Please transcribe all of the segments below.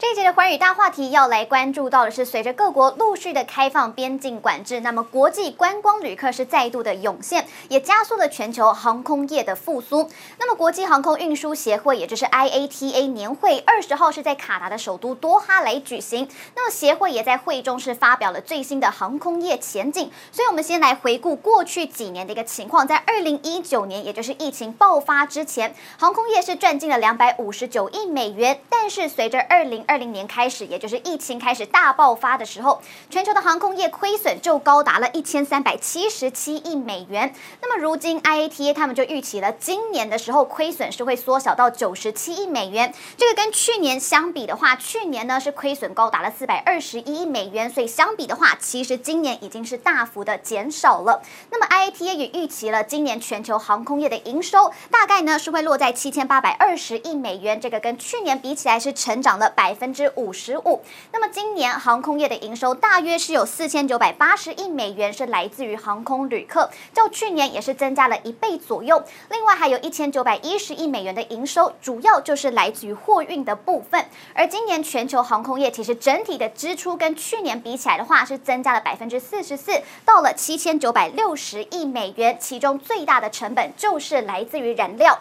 這一節的寰宇大話題要來關注到的是，隨着各國陸續的開放邊境管制，那麼國際觀光旅客是再度的湧現，也加速了全球航空業的復甦。那麼國際航空運輸協會，也就是 IATA 年會二十號是在卡達的首都多哈來舉行。那麼協會也在會議中是發表了最新的航空業前景。所以，我們先來回顧過去幾年的一個情況。在二零一九年，也就是疫情爆發之前，航空業是賺進了兩百五十九億美元。但是，隨着二零二零年開始，也就是疫情開始大爆發的時候，全球的航空業虧損就高達了一千三百七十七億美元。那麼如今 IATA 他們就預期了，今年的時候虧損是會縮小到九十七億美元。這個跟去年相比的話，去年呢是虧損高達了四百二十一億美元，所以相比的話，其實今年已經是大幅的減少了。那麼 IATA 也預期了，今年全球航空業的營收大概呢是會落在七千八百二十億美元。這個跟去年比起來是成長了百百分之五十五。那麼今年航空業的營收大約是有四千九百八十億美元，是來自於航空旅客，較去年也是增加了一倍左右。另外還有一千九百一十億美元的營收，主要就是來自於貨運的部分。而今年全球航空業其實整體的支出跟去年比起來的話，是增加了百分之四十四，到了七千九百六十億美元。其中最大的成本就是來自於燃料。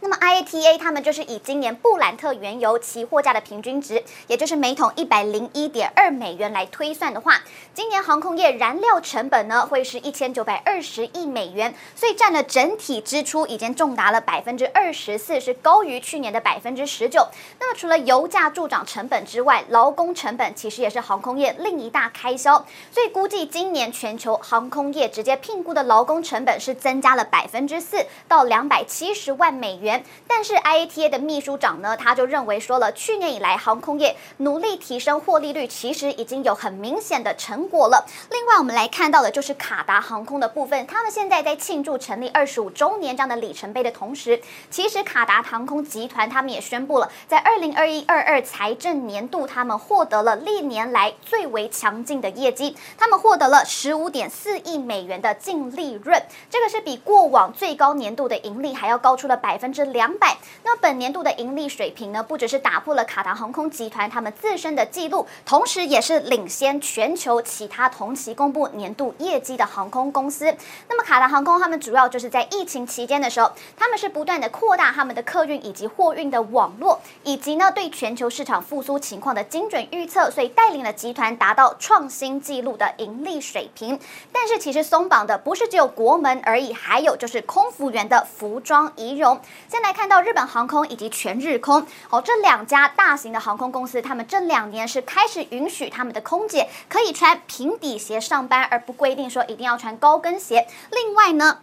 那麼 IATA 他們就是以今年布蘭特原油期貨價的平均值，也就是每桶一百零一點二美元來推算的話，今年航空業燃料成本呢會是一千九百二十億美元，所以占了整體支出已經重達了百分之二十四，是高於去年的百分之十九。那麼除了油價助長成本之外，勞工成本其實也是航空業另一大開銷，所以估計今年全球航空業直接聘雇的勞工成本是增加了百分之四到兩百七十萬美元。但是 IATA 的秘書長呢，他就認為說了，去年以來航空業努力提升獲利率，其實已經有很明顯的成果了。另外，我們來看到的就是卡達航空的部分，他們現在在慶祝成立二十五周年這樣的里程碑的同時，其實卡達航空集團他們也宣布了，在二零二一二二財政年度，他們獲得了歷年來最為強勁的業績，他們獲得了十五點四億美元的淨利潤，這個是比過往最高年度的盈利還要高出了百分之。是兩百，200，那本年度的盈利水平呢？不只是打破了卡達航空集團他們自身的記錄，同時也是領先全球其他同期公布年度業績的航空公司。那麼卡達航空他們主要就是在疫情期間的時候，他們是不斷的擴大他們的客運以及貨運的網絡，以及呢對全球市場復甦情況的精準預測，所以帶領了集團達到創新紀錄的盈利水平。但是其實鬆綁的不是只有國門而已，還有就是空服員的服裝儀容。先來看到日本航空以及全日空喔，這兩家大型的航空公司，他們這兩年是開始允許他們的空姐可以穿平底鞋上班，而不規定說一定要穿高跟鞋。另外呢，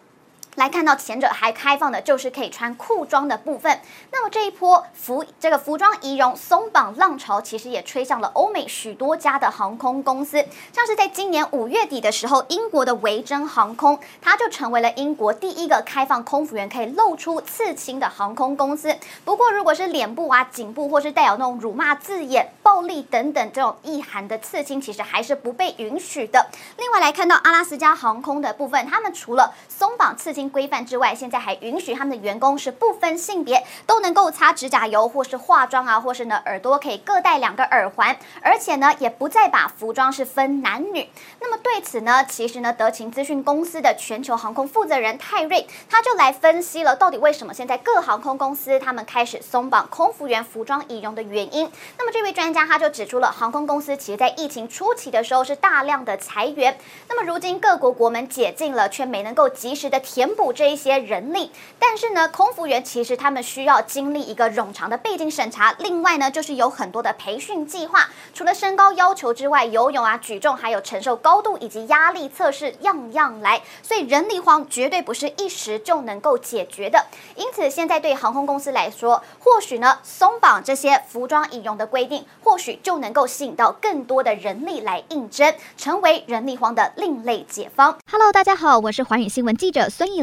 來看到前者還開放的就是可以穿褲裝的部分。那麼這一波服這個服裝儀容鬆綁浪潮，其實也吹向了歐美許多家的航空公司。像是在今年五月底的時候，英國的維珍航空，它就成為了英國第一個開放空服員可以露出刺青的航空公司。不過，如果是臉部啊、頸部或是帶有那種辱罵字眼、暴力等等這種意涵的刺青，其實還是不被允許的。另外來看到阿拉斯加航空的部分，他們除了鬆綁刺青規範之外，現在還允許他們的員工是不分性別，都能夠擦指甲油，或是化妝啊，或是呢耳朵可以各戴兩個耳環，而且呢也不再把服裝是分男女。那麼對此呢，其實呢德勤諮詢公司的全球航空負責人泰瑞他就來分析了，到底為什麼現在各航空公司他們開始鬆綁空服員服裝儀容的原因。那麼這位專家他就指出了，航空公司其實在疫情初期的時候是大量的裁員，那麼如今各國國門解禁了，却沒能夠及時的填。補這一些人力，但是呢，空服員其實他們需要經歷一個冗長的背景審查，另外呢，就是有很多的培訓計劃。除了身高要求之外，游泳啊、舉重，還有承受高度以及壓力測試，樣樣來。所以人力荒絕對不是一時就能夠解決的。因此，現在對航空公司來說，或許呢，鬆綁這些服裝儀容的規定，或許就能夠吸引到更多的人力來應徵，成為人力荒的另類解方。Hello，大家好，我是寰宇新聞記者孫穎。